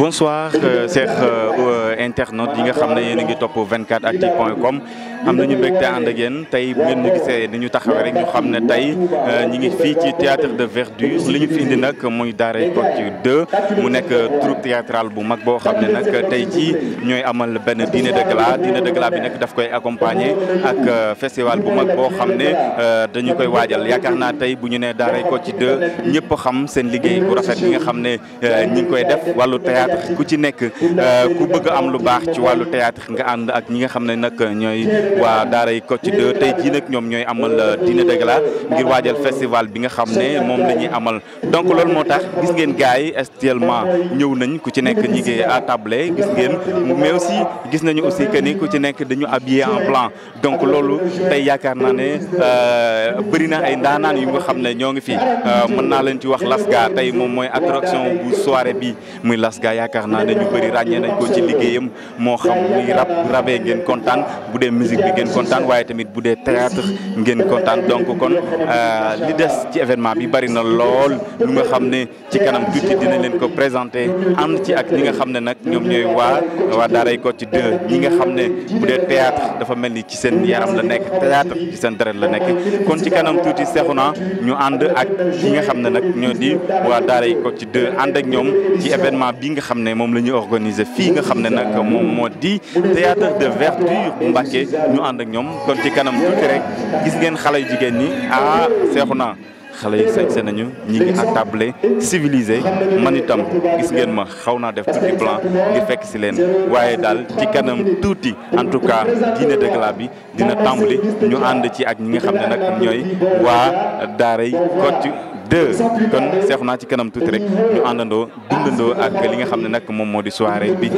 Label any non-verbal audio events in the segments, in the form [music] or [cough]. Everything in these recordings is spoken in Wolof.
Bonsoir, euh, cher euh, internautes yi nga xam ne yéen a ngi topp 24actu point com am nañu mbégte ànd ak yéen tey bu ngeen ñu gisee ni ñu taxawee rek ñu xam ne tey euh, ñi ngi fii ci théâtre de verdure li fi indi nag muy Daaray Kocc 2 mu nekk troupe théâtrale bu mag boo xam ne nag tey ci ñooy amal benn dîner de gala dîner de gala bi nag daf koy accompagner ak euh, festival bu mag boo xam ne euh, dañu koy waajal yaakaar na tey bu ñu nee Daaray ci de ñëpp xam seen liggéey bu rafet nga xam ne ñi ngi koy am lu baax ci wàllu théâtre nga ànd ak ñi nga xam ne nag ñooy waa daaray Kocc 2 tey jii nag ñoom ñooy amal euh, dîner de gala ngir waajal festival bi nga xam ne moom la ñuy amal donc loolu moo tax gis ngeen gars yi actuellement ñëw nañ ku ci nekk ñi ngi à table gis ngeen mais aussi gis nañu aussi que ku ci nekk dañu habillé en blanc donc loolu tey yaakaar naa ne euh, bari na ay ndaanaan yu nga xam ne ñoo ngi fi euh, mën naa leen ci wax Lasga tey moom mooy attraction bu yem moo xam muy rab rabee ngeen kontaan bu musique bi ngeen kontaan waaye tamit bu dee théâtre ngeen kontaan donc kon euh, li des ci événement bi bari na lool lu nga xam ne ci kanam tuuti dinañ leen ko présenté ànd ci ak ni ci seen yaram la nekk théâtre ci seen la nga xam ne nag ñoo di waa Daaray Kocc 2 ànd ak ñoom ci événement bi nga xam ne moom la ñuy organiser fii nga xam ne nag nag moom moo di théâtre de verdure Mbàkke ñu ànd ak ñoom kon ci kanam tuuti rek gis ngeen xale yu jigéen ñi ah seexu naa xale yi sañse nañu ñi ngi attablé civilisé man itam gis ngeen ma xaw naa def tuuti plan ngir fekk si leen waaye daal ci kanam tuuti en tout cas dîner bi dina tàmbali ñu ànd ci ak ñi nga xam ne nag ñooy waa daaray Kocc deux kon seexu naa ci kanam tuuti rek ñu àndandoo dundandoo ak li nga xam ne nag moom moo di soirée bi.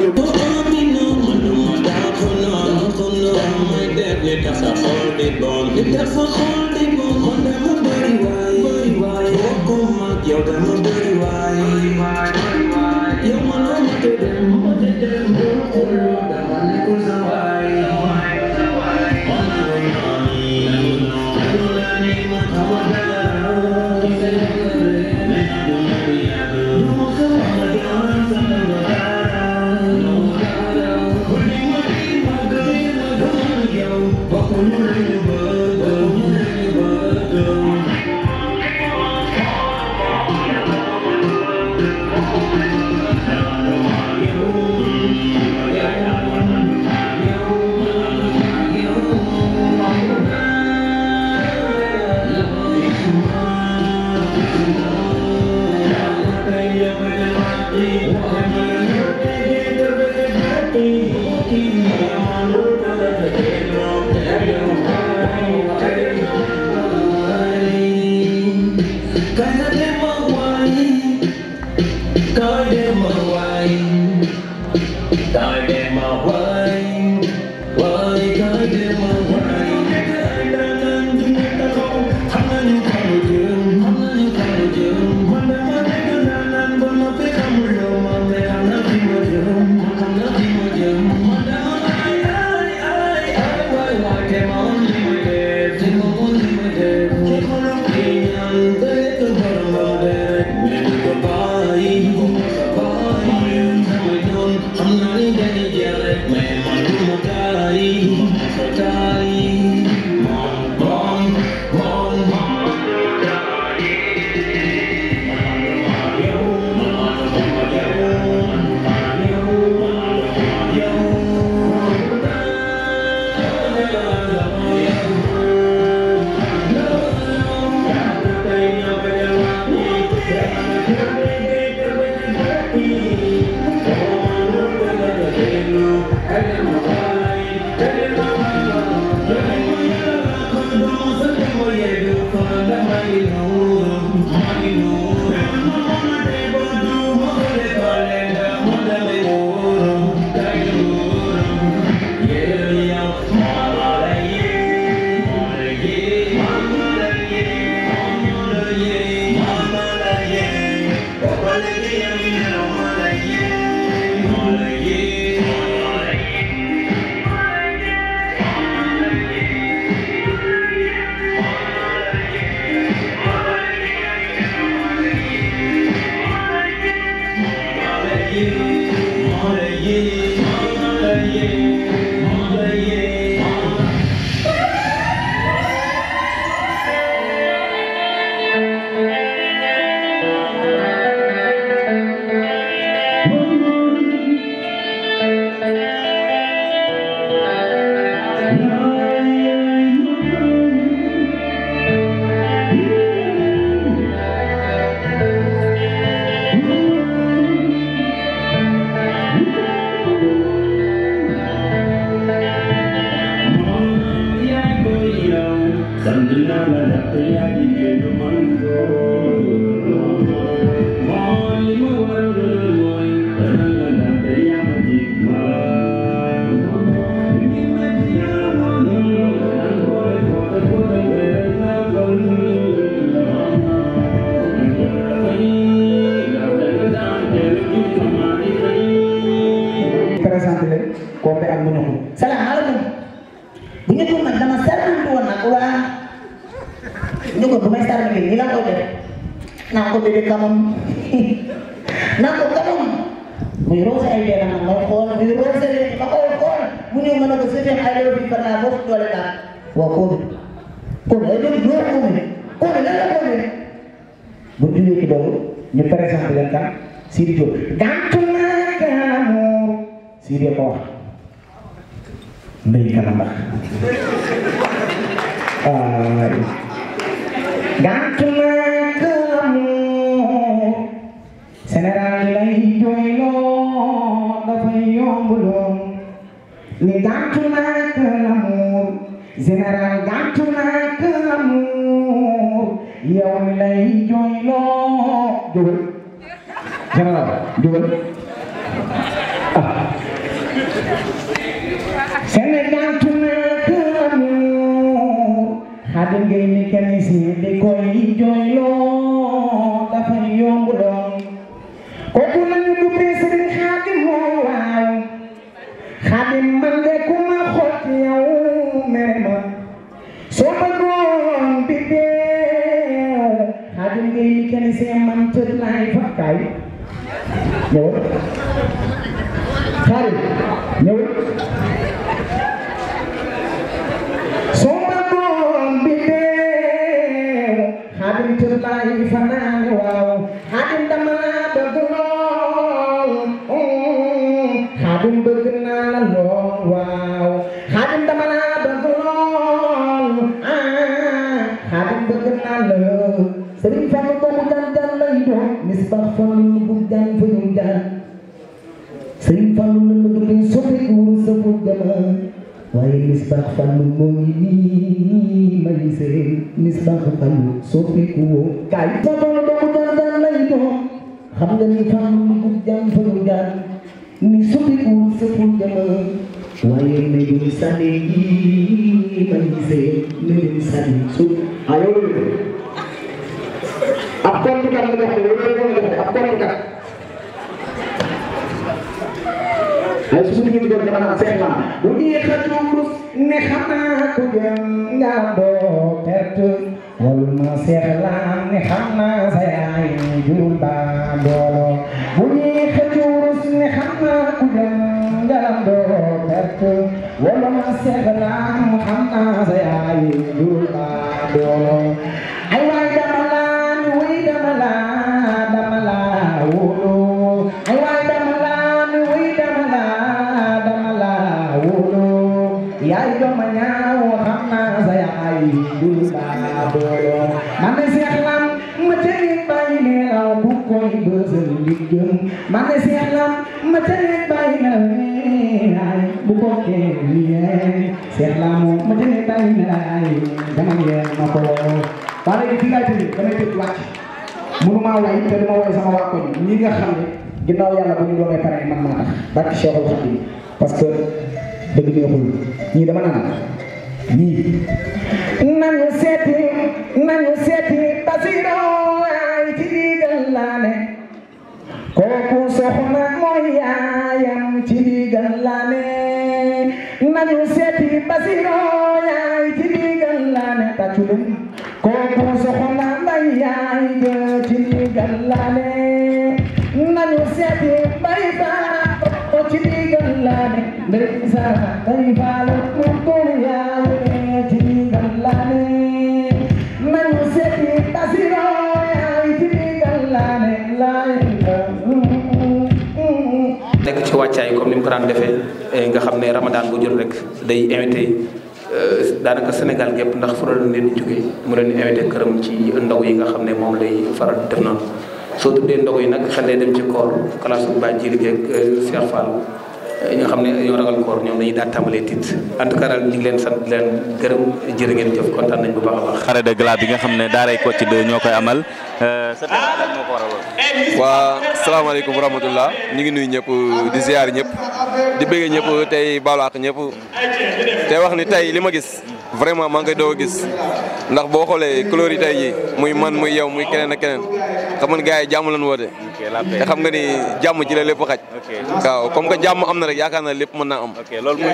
mbéy kalamba gàtt naa këlamu Sénégal lay jooyloo dafay yomb lool ni gàtt naa këlamu général gàtt naa këlamu yow lay jooyloo jógal général jógal siir di koy jooyloo dafay yomb doon kooku lañu duppee sëriñ xaadim mooy waaw xaadim man de ma xool ci yow soo bëggoon bi deew xaadim ngay li see man tëdd laay fa kaay ñëw xaadim ñëw Sëriñ Fallu boobu dandan lay doon misbaax fallu ñu bu daan fa ñu daan Sëriñ Fallu na la duggee soppeeku wuru sa programme waaye misbaax fallu moom yi may seen misbaax fallu soppeeku woo kaay fallu boobu ni fallu ñu bu daan fa ñu daan ab compétent la nga xam ne loolu la ab compétent. waaye su suñu diggante mën a am cinq ans. bu ñuy xëccoo ne xanaa ku jëm nga doo perte wala ma seexlaan ne xam naa sa yaay jur ba doolo bu ñuy xëccoo ne xanaa ku jëm nga doo perte wala ma seexlaan xam naa sa yaay jur ba doolo man de Seex Lam ma tëddee bàyyi nelaw bu koy bësal liggéeyam man de Seex Lam ma tëddee bàyyi nelaw bu ko kenn yee Seex Lam ma tëddee bàyyi nelaw dama yee ma ko waa léegi fii laay tëddee damay tëdd wàcc mënumaa way te duma way sama waa koñ ñi nga xam ne ginnaaw yàlla bu ñu doonee pare man maa tax barke Cheikhul Khadim parce que dëgg neexul ñii dama naan ñii nañu seeti nañu seeti Basiro ay ci digal la ne kooku soxna mooy yaayam ci digal la ne nañu seeti Basiro ay ci digal la ne tàcculum kooku soxna may yaay ja ci digal la ne nañu seeti bay ba ci digal la ne ndey sa bay ba la mu wàccaay comme ni mu ko defee eh, nga xam ne Ramadan bu jot rek day invité eh, daanaka Sénégal gépp ndax fu doon leen di jógee mu leen di invité këram ci ndaw yi nga xam ne moom lay faral def noonu soo tuddee ndogu yi nag xel day dem ci koor classe bu bàjjiri geeg eh, Cheikh Fall. ñoo xam ne ñoo ragal koor ñoom dañuy daal tàmbalee tiit en tout cas daal ñu ngi leen sant di leen gërëm jërë ngeen jëf kontaan nañ bu baax a baax. xare de gala bi nga xam ne daaray Koty 2 ñoo koy amal. Euh, waa salaamaaleykum wa rahmatulah ñu ngi nuyu ñëpp di ziar ñëpp di bëgg ñëpp tey baalu àq ñëpp tey wax ni tey li ma gis. vraiment maa ngi koy doog a gis ndax boo xoolee couleur yi tey jii muy man muy yow muy keneen ak keneen xam nga gars yi jàmm lañ woote. te xam nga ni jàmm ci la lépp xaj. waaw comme que jàmm am na rek yaakaar naa lépp mën naa am. ok loolu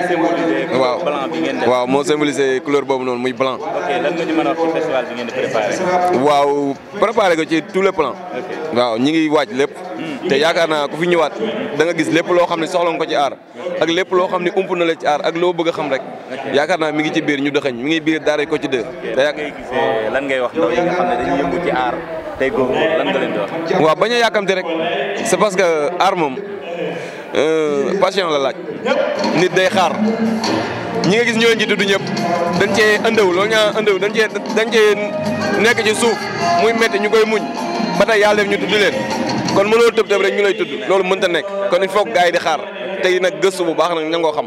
waaw blanc bi ngeen def waaw moo symboliser couleur boobu noonu muy blanc. ok lan nga ñu mën a waaw préparé ko ci tous les plans. waaw ñi ngi waaj lép hmm. te yaakaar naa ku fi ñëwaat danga gis lépp loo xam ne soxla nga ko ci aar ak lépp loo xam ne ump na la ci aar ak loo bëgg xam rek yaakaar naa mi ngi ci biir ñu doxañ mi ngi biir daara ko ci dë te yàgg lan ngay wax ndaw yi nga xam ne lan nga leen di wax waaw bañ a yàkkamte rek c'est parce que aar moom euh, patient la laaj nit day xaar ñi nga gis ñoo ngi tudd ñëpp dañ cee ëndaw loolu ñaa ëndaw dañ cee dañ cee nekk ci suuf muy métti ñu koy muñ ba tey yàlla ñu tudd leen kon mënoo tëb tëb rek ñu lay tudd loolu mënta nekk kon il faut que gars yi di xaar tey nag gëstu bu baax nag nangoo xam.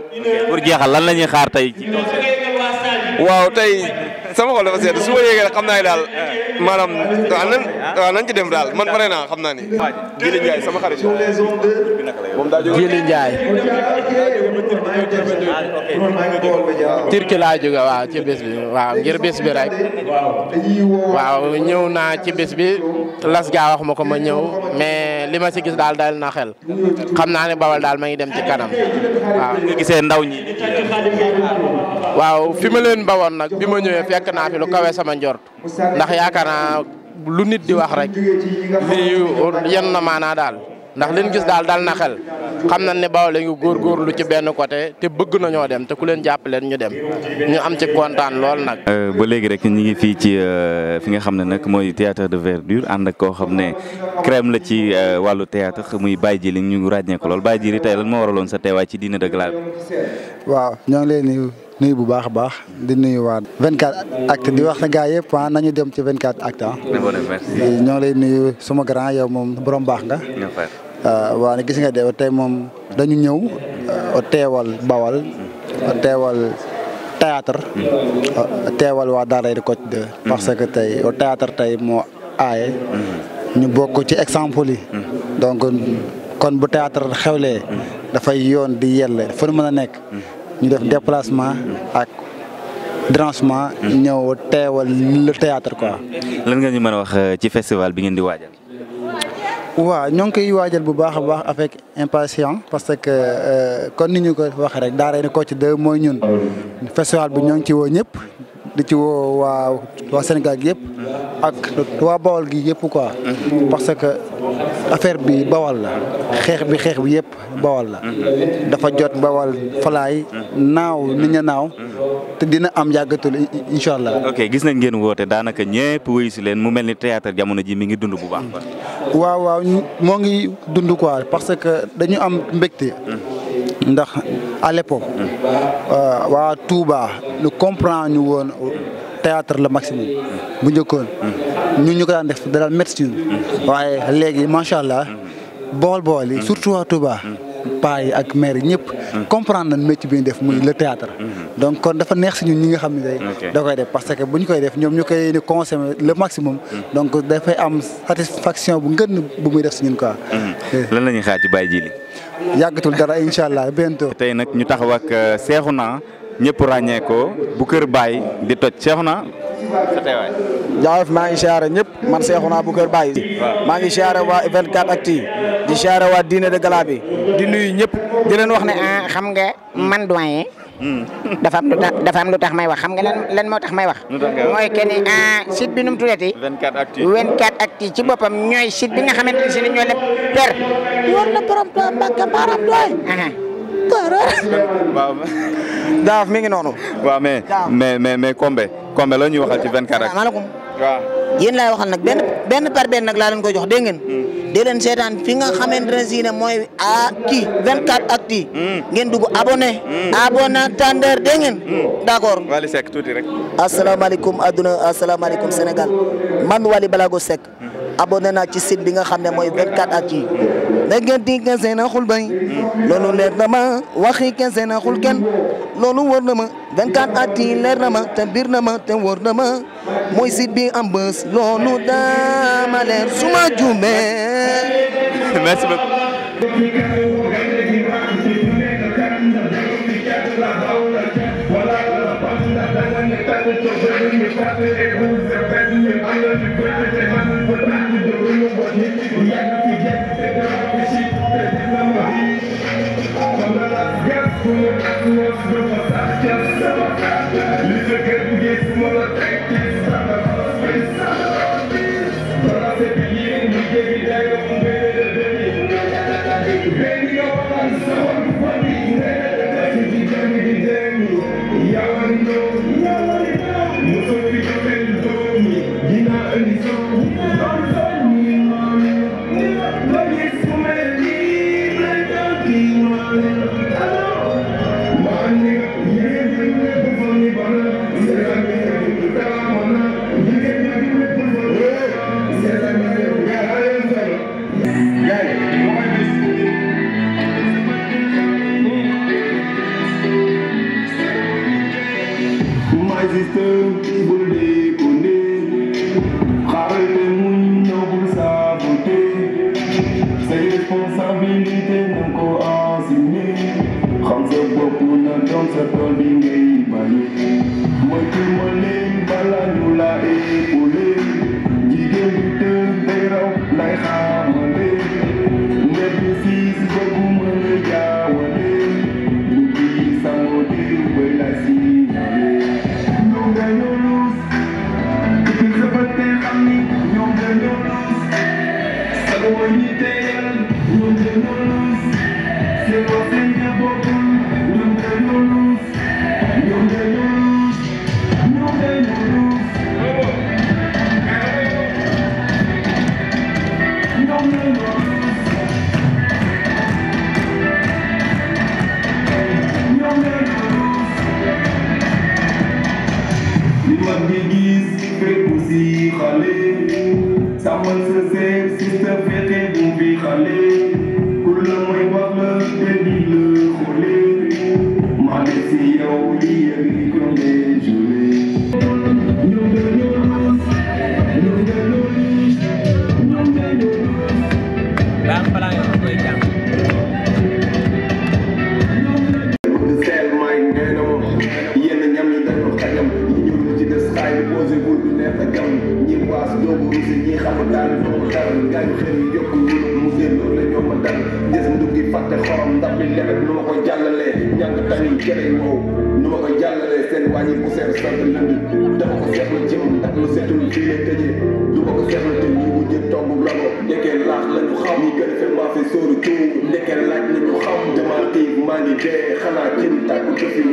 pour jeexal lan la ñuy xaar tey. waaw tey sama xol dafa sedd su ma naa daal eh. maanaam waaw ah. nañ ci dem daal man pare naa xam naa ni. Jili Ndiaye sama waaw ci bés bi waaw ngir bés bi rek. waaw ñëw naa ci bés bi las gaa wax ma ko ma ñëw mais li ma si gis daal dal na xel xam naa ne Bawol daal ma ngi dem ci kanam waaw. fi ma leen nag bi ma ñëwee fekk fekk naa fi lu kawe sama njort ndax yaakaar naa lu nit di wax rek lii yenn na maanaa daal ndax liñ gis daal dal na xel xam nañ ne Bawol ngi góorgóorlu ci benn côté te bëgg nañoo dem te ku leen jàpp leen ñu dem ñu am ci kontaan lool nag. Euh, ba léegi rek ñu ngi fii ci euh, fi nga xam ne nag mooy théâtre de verdure ànd ak koo xam ne crème la ci euh, wàllu théâtre muy Baye Djily ñu ràññee ko lool Baye Djily tey lan moo waraloon sa teewaay ci dîner de gala bi. leen nuyu bu baax a baax di nuyu waa 24 actu di wax na gaa yëpp ah nañu dem ci 24 actu ah. ñoo ngi lay nuyu suma grand yow moom borom baax nga. Ah, waaw ne gis nga de tey moom dañu ñëw ah, teewal bawal ah, teewal théâtre mm-hmm. teewal waa Daaray Kocc 2 mm-hmm. parce que tey théâtre tey moo aaye mm-hmm. ñu bokk ci exemple yi donc kon bu théâtre xewlee dafay yoon di yelle fu nu mën a nekk ñu def déplacement ak dérangement. ñëw teewal le théâtre quoi. lan nga ñu mën a wax euh, ci festival bi ngeen di waajal. waaw ñoo ngi koy waajal bu baax a baax avec impatience parce que kon euh, ni ñu ko waxee rek daara ni Kocc 2 mooy ñun festival bu ñoo ngi ci woo ñëpp di ci woo waa Sénégal gi yëpp ak waa Bawol gi yëpp quoi. parce que affaire bi bawal la xeex bi xeex bi yëpp Bawol la. dafa jot bawal falaay naaw nit ña naaw. te dina am yàggatul incha allah. ok gis nañ ngeen woote daanaka ñëpp wuyu si leen mu mel ni théâtre jamono ji mi ngi dund bu baax. waaw moo ngi dund quoi parce que dañu am mbégte. ndax à l'époque euh, waa Touba lu comprend ñu woon théâtre le maximum bu njëkkoon ñu ñu ko daan def daal médecine waaye léegi macha allah bool-bool yi surtout waa Touba paa yi ak maire yi ñëpp comprendre nañ métier bi ñu def muy le théâtre donc kon dafa neex si ñun ñi nga xam ne day da koy def parce que bu ñu koy def ñoom ñu koy ni consommer le maximum donc dafay am satisfaction bu ngën bu muy def si ñun quoi hmm. Hmm. lan la ñuy xaar ci Baye Djily yàggatul dara incha allah bientôt. tey nag ñu taxaw ak euh, Cheikhouna ñëpp ràññee ko bu kër Baye di toj Cheikhouna sa teewaay. maa ngi siyaare ñëpp man Cheikhouna bu kër Baye. maa ngi siyaare waa 24actu di siyaare waa diine de gala di nuyu ñëpp di leen wax ne ah, xam nga man doyen. dafa am lu tax dafa am lu tax may wax xam nga lan lan moo tax may wax. mooy que ni ah site bi nu mu tuddati. 24 actu ci boppam ñooy site bi nga xamante ne si ñoo lépp per. yor na borom Mbacke Maram Doye. waaw. daaf mi ngi noonu. waaw mais mais mais Kombe Kombe la ñuy waxal ci 24 actu. waaw yéen laay waxal nag benn benn par benn nag laa leen koy jox dégg ngeen. Hmm. di leen seetaan fi nga xamante ne si ne mooy a ah, kii 24 actu yi. Hmm. ngeen dugg abonné. Hmm. abonné tàndeer dégg ngeen. d' accord Wally Seck tuuti rek. asalaamaaleykum adduna asalaamaaleykum Sénégal man Wally Balago Seck. abonné naa ci site bi nga xam ne mooy 24 at yi déggante kese na xul bay loolu leer na ma waxi kese na xul kenn loolu wër na ma 24 at yi leer na ma te biir na ma te wër na ma mooy site bi am bës loolu daa [laughs] te xanaa jënd tàggu ca fii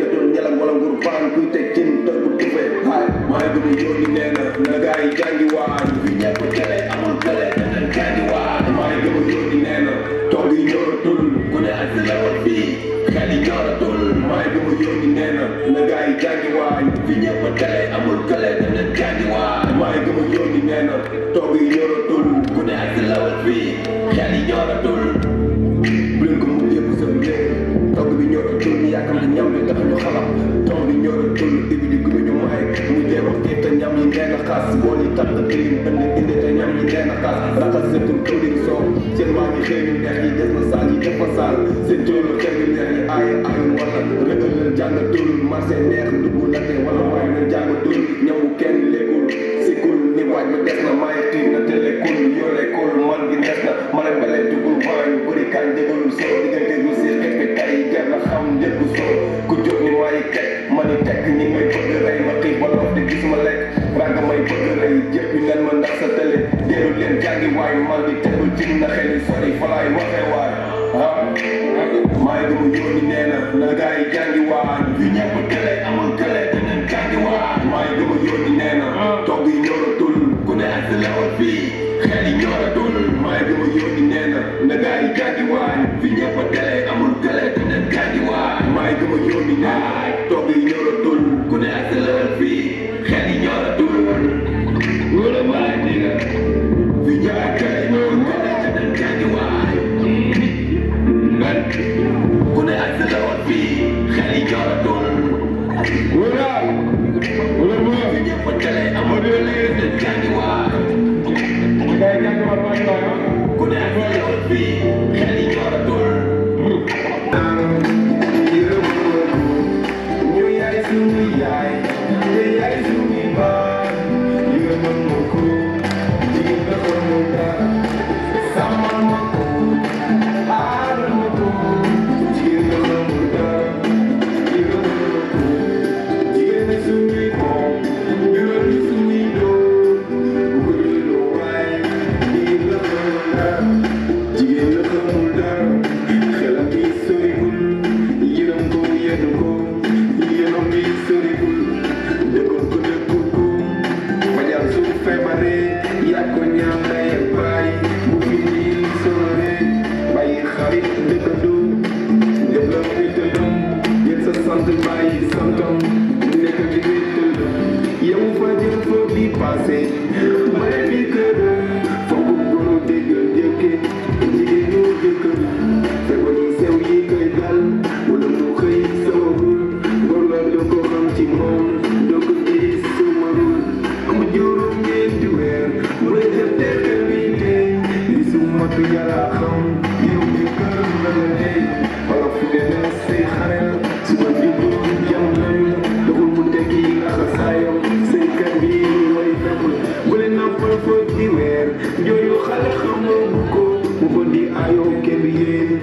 I don't care, you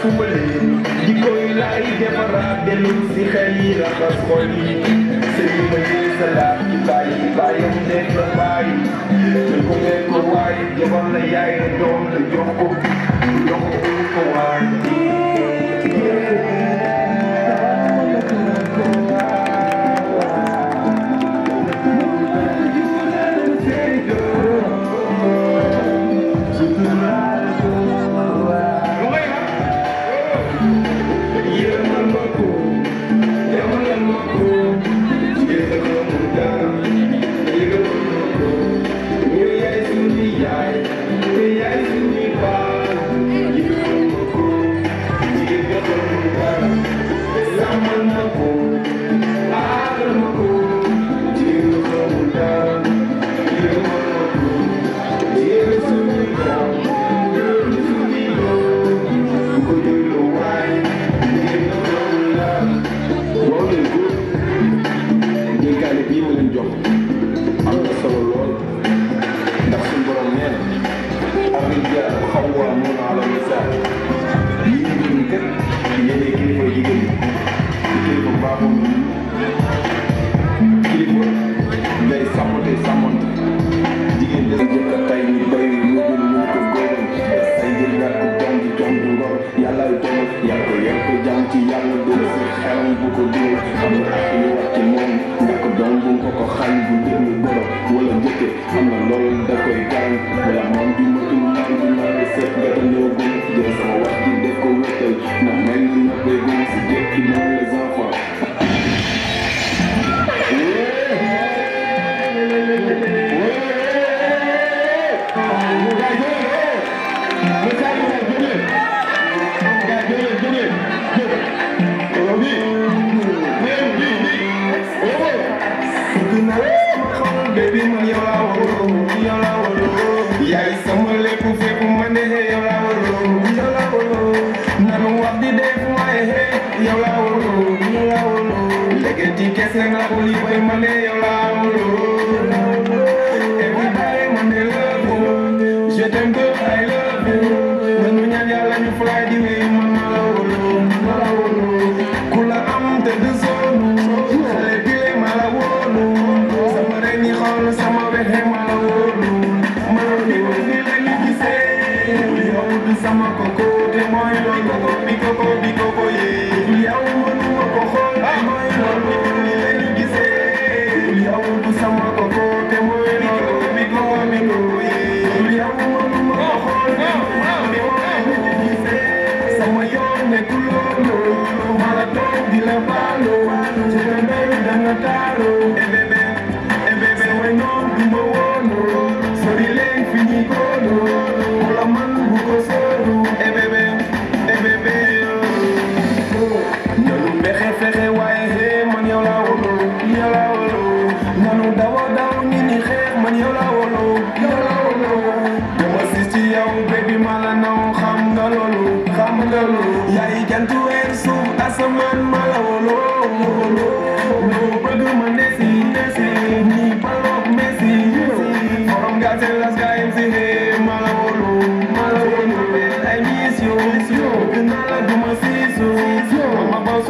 fubale di koy lay defaraat dellu si xel yi raxas xol yi sëriñ ba jël sa laaj ci bàyyi bàyyam nekk la bàyyi ne ko nekk ko jabar la yaay la la jox ko jox ko ko waaye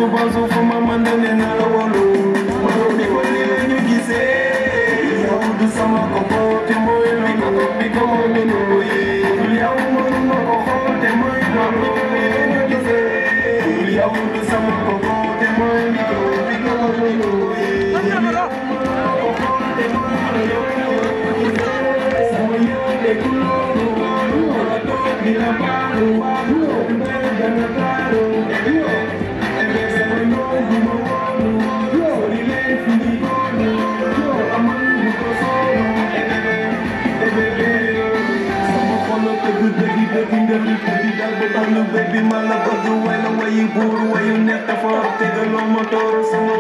su ba su fu ma man de ne na la wolu ma lu di sama ko ko te mooy mi ko ko mi ko dëkk bi dal bi tax lu bébbi ma la bëgg wala wayu buur wayu nekk dafa tegaloo ma toor sama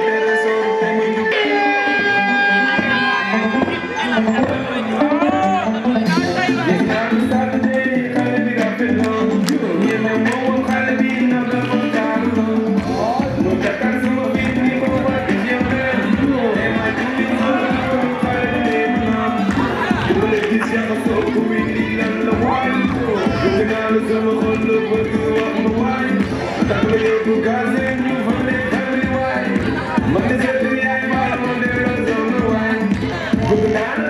Yeah.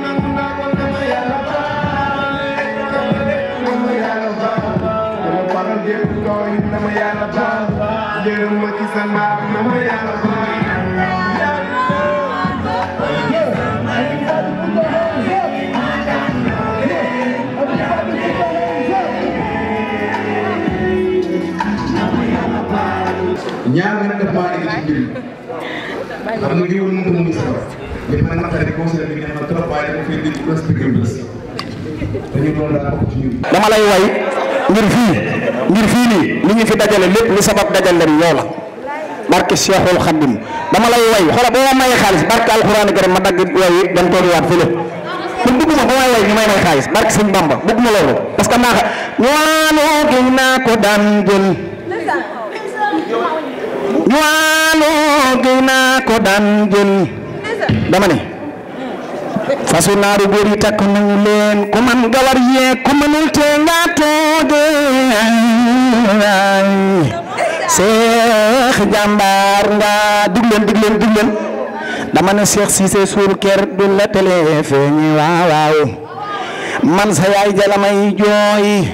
ñaar nag dafa maa nekk ci mbir mi xam nga lii woon na ko mu ngi li ma naqari conseil bi neex na trop dama lay way ngir fii ngir fii nii li ñu fi dajale lépp li sabab dajal leen yow la barke Cheikhul Khadim dama lay way xoolal boo mayee xaalis barke alxuraan gërëm ma dagg way dem toogiwaat fële man bëgguma ba may way ñu may may xaalis barke sëñ Bamba bëgguma loolu parce que naa ñaanoo gi naa ko daan jël ñaanoo gi naa ko daan jël. dama ne fasu naaru góor yi takk nañu leen man gawar yee ku mënul te nga toogee seex nga digleen digleen digleen dama ne Cheikh Cissé suur kër du la télé feeñi waaw man sa jalamay jooy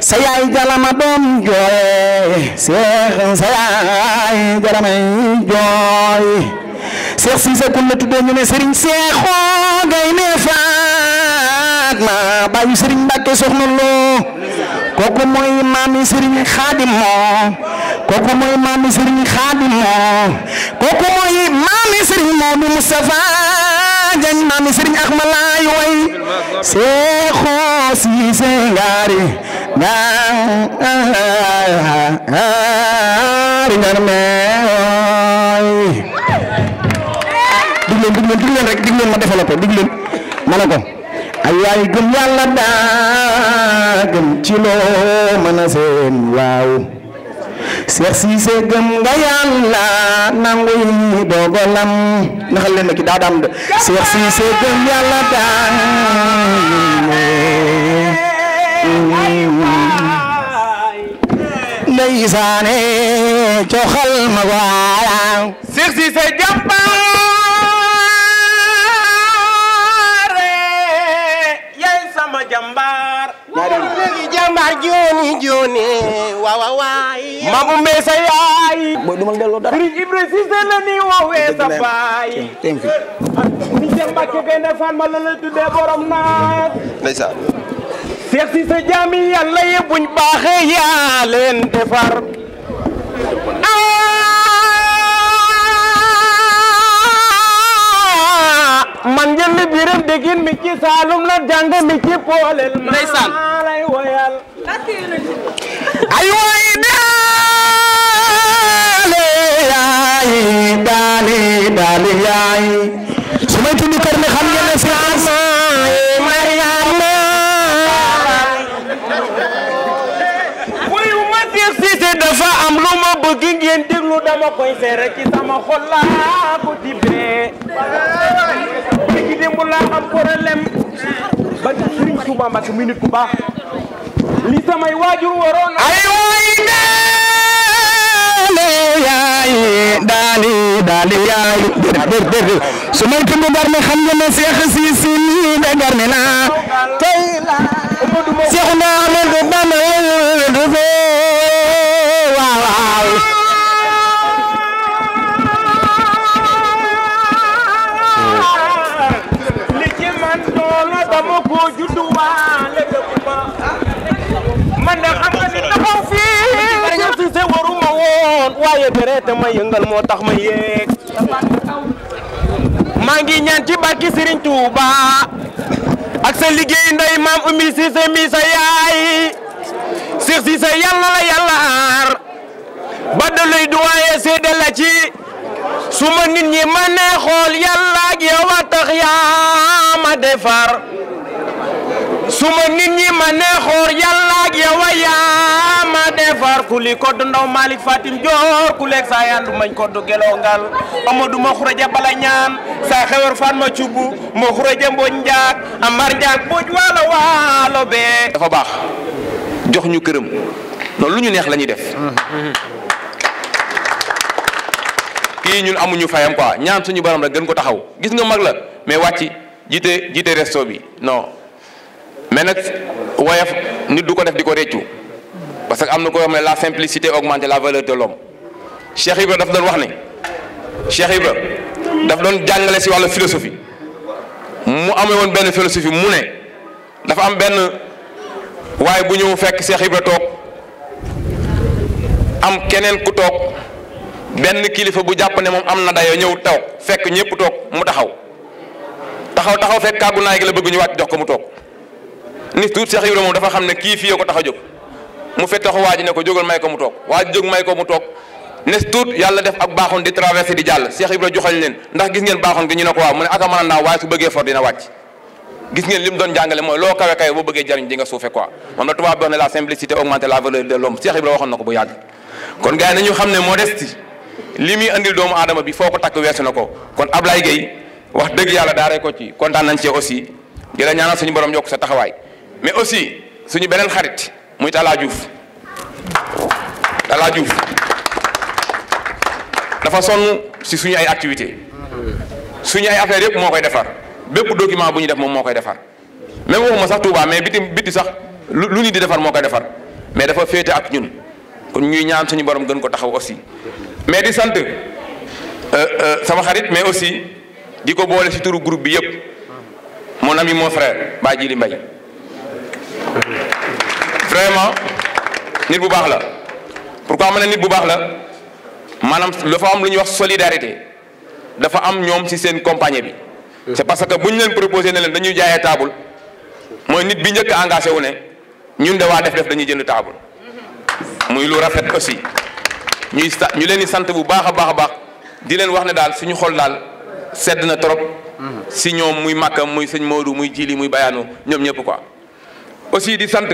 sa jalama doom jooy seex sa jalamay jooy Cheikh Cissé kun la tuddee ñu ne Serigne Seexoo Gaynde baayu Serigne Mbacke soxna kooku mooy maami Serigne Xaadim kooku mooy maami Serigne Xaadim kooku mooy maami Serigne Moodu Moustapha jañ maami Serigne Axma laay way Seexoo Cissé ngaari ngaari ngar leen dig leen dig leen rek dig leen ma leen ma ne ko gëm yàlla daa gëm ci loo mën a seen waaw Cheikh Cissé gëm nga yàlla nangu yi dogalam naxal ma ki daa daam de gëm yàlla daa ndeysaane coxal ma waaw Cheikh Cissé jóone waaw waay. maamu Mbese yaay. booy du dara. Serigne Ibra Cissé ni woowee sa baay. tey fi. Cissé Mbacke Gaynde Fatma la la tuddee borom naas. ndeysaan. Cheikh Cissé jaami yàlla yi ah! man jënd biiram dégin mi ci Saalum la jàng mi ci poolel. ndeysaan maa lay woyal. ay way daale yaay daale daale yaay su may tudd kër mi xam ngeen ne France Mariama wuyu ma Seex Siise dafa am lu ma bëgg ngeen déglu dama koy seere ci sama xol laa ko tibbee léegi démb laa am problème ba Sëriñ Tuubaa Mbàkke minute bu baax li samay waajur waroon ay waay daale yaay daali daali yaay dër dër dër su may tudd Garmi xam nga ne Seex Sisi mi de Garmi naa laa yëgëree te yëngal moo tax ma yéeg maa ngi ñaan ci barki Serigne Touba ak sa liggéey ndey maam Oumy Cissé mi sa yaay Cheikh Cissé yàlla la yàlla aar ba daluy seede la ci suma nit ñi ma ne xool yàlla ak yow a tax defar. suma nit ñi ma neexoor yàlla ak yow a yaa ma defar ku li koddu ndaw Malick Fatim Dior ku lekk saa yandu mañ koddu gelo ngal Amadou ma xuraja bala ñaan saa xewer fan ma cubbu ma xuraja mboj njaag amar njaag boj waalo waalo bee dafa baax jox ñu këram noonu lu ñu neex lañuy def kii ñun amuñu fayam quoi ñaan suñu baram rek gën ko taxaw gis nga mag la mais wàcci jiite jiite resto bi non mais nag woyof nit du ko def di ko réccu parce que am na ko xam ne la simplicité augmente la valeur de l'homme Cheikh Ibra daf doon wax ne Cheikh Ibra daf doon jàngale si wàllu philosophie mu amee woon benn philosophie mu ne dafa am benn waaye bu ñëw fekk Cheikh Ibra toog am keneen ku toog benn kilifa bu jàpp ne moom am na dayoo ñëw toog fekk ñëpp toog mu taxaw taxaw taxaw fekk kàggu naay gi la bëgg ñu wàcc jox ko mu toog. nit tuut Cheikh Ibrahima moom dafa xam ne kii fii ko tax a jóg mu fettaxu waa ji ne ko jógal may ko mu toog waa ji jóg may ko mu toog nes tuut yàlla def ak baaxoon di traversé di jàll Cheikh Ibrahima joxañ leen ndax gis ngeen baaxoon gi ñu ne ko waaw mu ne aka mën a naaw waaye su bëggee for dina wàcc gis ngeen li mu doon jàngale mooy loo kawe kawe boo bëggee jariñ di nga suufe quoi moom la tubaab bi wax ne la simplicité augmente la valeur de l'homme Cheikh Ibrahima muy andil doomu aadama bi foo ko takk weesu na ko kon Ablaye Gueye wax dëgg yàlla daaree ko ci kontaan nañ ci aussi di la ñaanal suñu borom yokk sa taxawaay mais aussi suñu beneen xarit muy Talla Diouf dafa sonn si suñu ay activité suñu ay affaires yëpp moo koy defar bépp document bu ñu def moom moo koy defar même waxuma sax Touba mais biti biti sax lu lu ñu di defar moo koy defar mais dafa féete ak ñun kon ñuy ñaan suñu borom gën ko taxaw aussi mais di sant euh, euh, sama xarit mais aussi di ko boole si turu groupe bi yëpp mon ami mon frère Badji Li Mbaye vraiment nit bu baax la pour pourquoi ma na nit bu baax la maanaam dafa am lu ñuy wax solidarité dafa am ñoom ci seen compagnie bi. c'est parce que bu ñu leen proposé ne leen dañuy jaaye taabul mooy nit bi njëkk engagé wu ne ñun de waa def-def dañuy jënd taabul muy lu rafet aussi ñuy sa ñu leen di sant bu baax a baax a baax di leen wax ne daal suñu xol daal sedd na trop. si ñoom muy màkkam muy sëñ mooru muy jili muy bayaanu ñoom ñëpp quoi aussi di sant.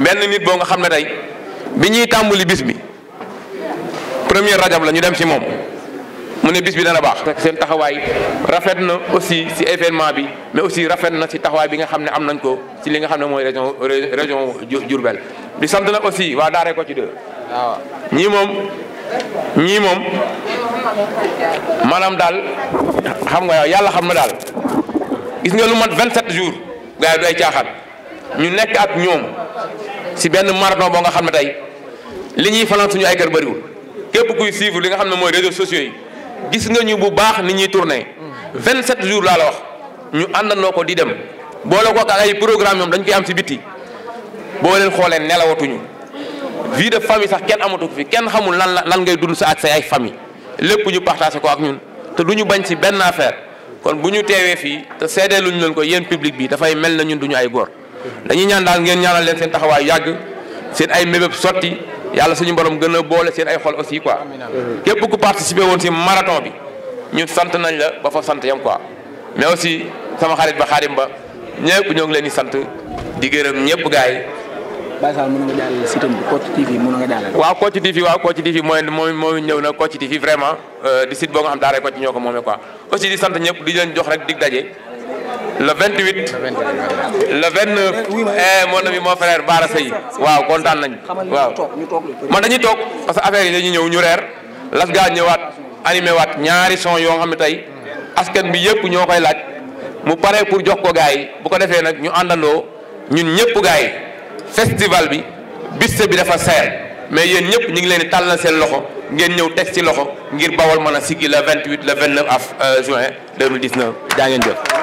benn nit boo nga xam ne tey bi ñuy tàmbali bis bi premier rajab la ñu dem ci moom mu ne bis bi dana baax. seen taxawaay rafet na aussi ci événement bi mais aussi rafet na ci taxawaay bi nga xam ne am nañ ko ci li nga xam ne mooy région région Diourbel di sant nag aussi waa Daaray Koki ci dë ñii moom ñii moom maanaam daal xam nga yàlla xam na daal gis nga lu mat 27 jours gars yi du ay caaxaan ñu nekk ak ñoom. si benn marathon boo nga xam ne tey li ñuy falan suñu ay kër bëriwul képp kuy suivre li nga xam ne mooy réseaux sociaux yi gis nga ñu bu baax ni ñuy tourné 27 jours laa la wax ñu àndandoo ko di dem boole ko programme ñoom dañ koy am si bitti boo leen xooleen nelawatuñu vie de famille sax kenn amatu ko kenn xamul lan la lan ngay dund sa ak say ay famille lépp ñu partagé ko ak ñun te du ñu bañ si benn affaire kon bu ñu teewee fii te seedeeluñ leen ko yéen public bi dafay mel na ñun duñu ay góor. dañuy ñaan daal ngeen ñaanal leen seen taxawaay yàgg seen ay mébéb sotti yàlla suñu borom gën a boole seen ay xol aussi quoi. képp ku participer woon si marathon bi ñun sant nañ la ba fa sant yam quoi mais aussi sama xarit ba xaarim ba ñoo ngi leen di sant di gërëm ñëpp gars yi. Baye Sall mën nga jàllale site bi Kossy TV mën nga jàllale. waaw Kossy TV waaw Kossy TV mooy mooy mooy ñëw na Kossy TV vraiment euh, di site boo nga xam daara Kossy ñoo ko moomee quoi aussi di sant ñëpp di leen jox rek dig daje. le 28 le 29 eh mon ami mon frère Bara Seye waaw kontaan nañ waaw man dañuy toog parce que affaire yi dañuy ñëw ñu reer las gaa ñëwaat animé waat ñaari son yoo xam ne tey askan bi yëpp ñoo koy laaj mu pare pour jox ko gars yi bu ko defee nag ñu àndandoo ñun ñëpp gars yi festival bi biste bi dafa seer mais yéen ñëpp ñu ngi leen di seen loxo ngeen ñëw teg ci loxo ngir bawal mën a siggi le 28 le 29 af euh, juin 2019 jaa ngeen jëf